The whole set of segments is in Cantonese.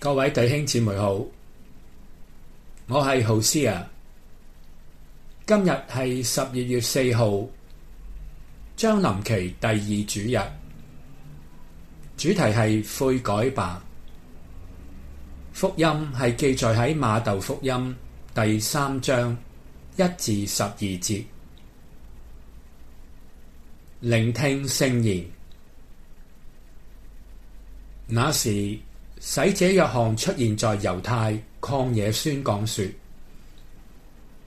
各位弟兄姊妹好，我係浩師啊。今日係十二月四號，將臨期第二主日，主題係悔改吧。福音係記載喺馬竇福音第三章一至十二節，聆聽聖言。那時。洗者若翰出現在猶太曠野宣講說：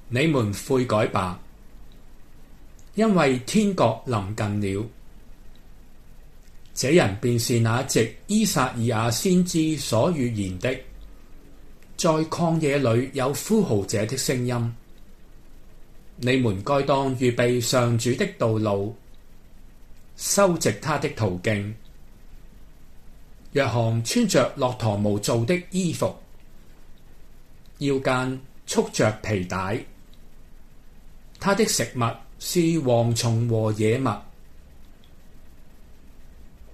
你們悔改吧，因為天國臨近了。這人便是那藉依撒意亞先知所預言的，在曠野裡有呼號者的聲音。你們該當預備上主的道路，修直他的途徑。若翰穿着駱駝毛做的衣服，腰間束着皮帶。他的食物是蝗蟲和野蜜。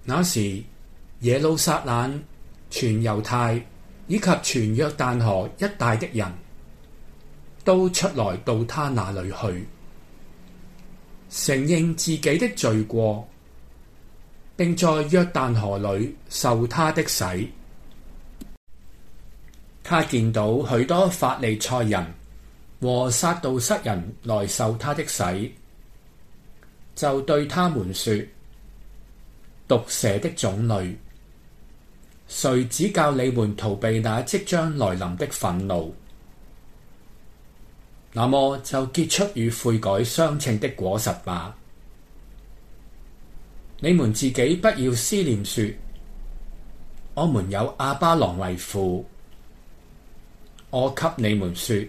那時，耶路撒冷全猶太以及全約旦河一帶的人都出來到他那裏去，承認自己的罪過。並在約旦河裏受他的洗。他見到許多法利賽人和撒杜塞人來受他的洗，就對他們說：毒蛇的種類，誰指教你們逃避那即將來臨的憤怒？那麼就結出與悔改相稱的果實吧。你們自己不要思念，說我們有亞巴郎為父。我給你們說，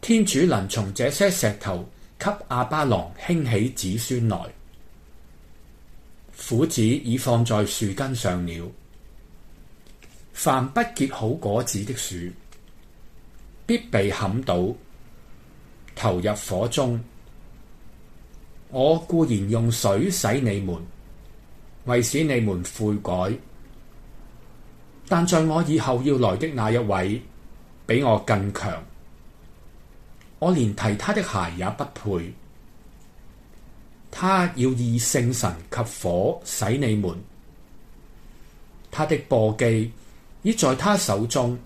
天主能從這些石頭給亞巴郎興起子孫來。斧子已放在樹根上了，凡不結好果子的樹，必被砍倒，投入火中。我固然用水洗你們，為使你們悔改；但在我以後要來的那一位，比我更強，我連提他的鞋也不配。他要以聖神及火洗你們，他的簸箕已在他手中，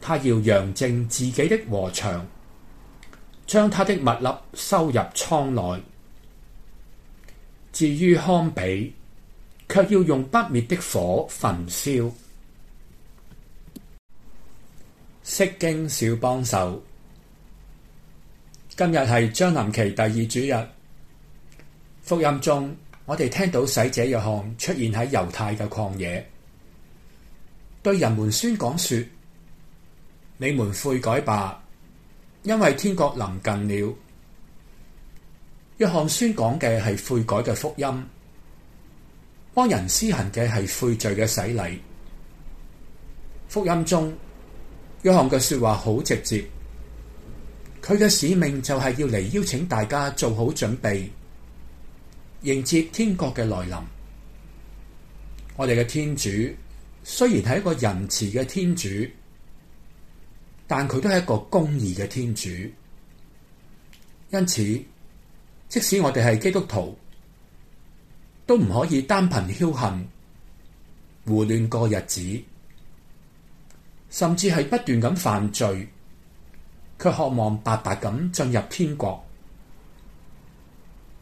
他要揚淨自己的禾場。將衪的麥粒收入倉內，至於糠秕，卻要用不滅的火焚燒。釋經小幫手，今日係將臨期第二主日。福音中，我哋聽到洗者若翰出現喺猶太嘅曠野，對人們宣講說：你們悔改吧！因為天國臨近了，若翰宣講嘅係悔改嘅福音，幫人施行嘅係悔罪嘅洗禮。福音中，若翰嘅說話好直接，佢嘅使命就係要嚟邀請大家做好準備，迎接天國嘅來臨。我哋嘅天主雖然係一個仁慈嘅天主。但佢都係一個公義嘅天主，因此，即使我哋係基督徒，都唔可以單憑僥幸胡亂過日子，甚至係不斷咁犯罪，卻渴望白白咁進入天國。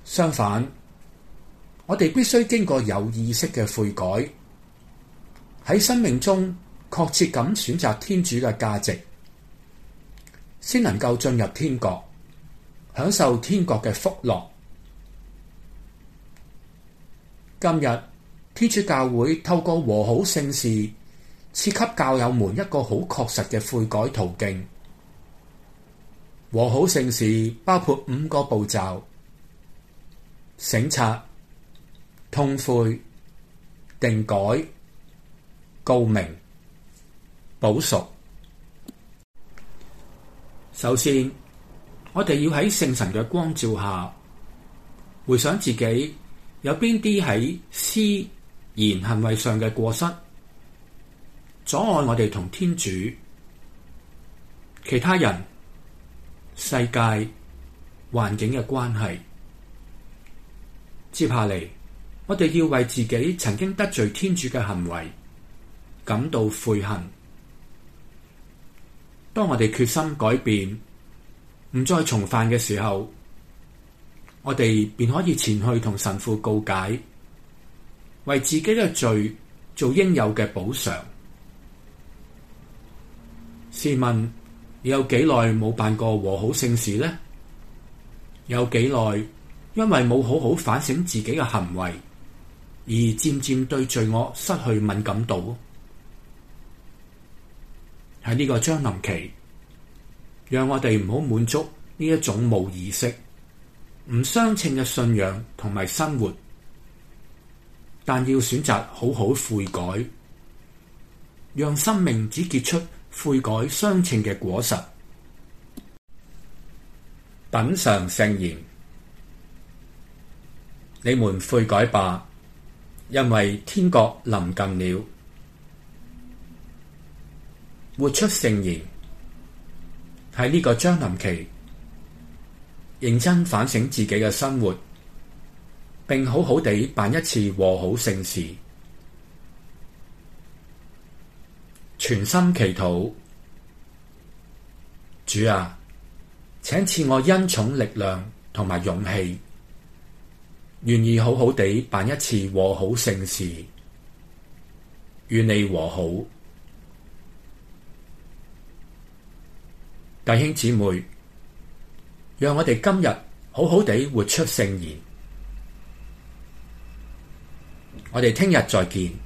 相反，我哋必須經過有意識嘅悔改，喺生命中確切咁選擇天主嘅價值。先能夠進入天國，享受天國嘅福樂。今日天主教會透過和好聖事，賜給教友們一個好確實嘅悔改途徑。和好聖事包括五個步驟：省察、痛悔、定改、告明、補贖。首先，我哋要喺聖神嘅光照下回想自己有邊啲喺思言行為上嘅過失，阻礙我哋同天主、其他人、世界、環境嘅關係。接下嚟，我哋要為自己曾經得罪天主嘅行為感到悔恨。當我哋決心改變，唔再重犯嘅時候，我哋便可以前去同神父告解，為自己嘅罪做應有嘅補償。試問，你有幾耐冇辦過和好聖事呢？有幾耐因為冇好好反省自己嘅行為，而漸漸對罪惡失去敏感度？喺呢個將臨期，讓我哋唔好滿足呢一種冇意識、唔相稱嘅信仰同埋生活，但要選擇好好悔改，讓生命只結出悔改相稱嘅果實。品嘗聖言，你們悔改吧，因為天國臨近了。活出聖言，喺呢個將臨期，認真反省自己嘅生活，並好好地辦一次和好聖事。全心祈禱，主啊，請賜我恩寵、力量同埋勇氣，願意好好地辦一次和好聖事，願你和好。弟兄姊妹，讓我哋今日好好地活出聖言。我哋聽日再見。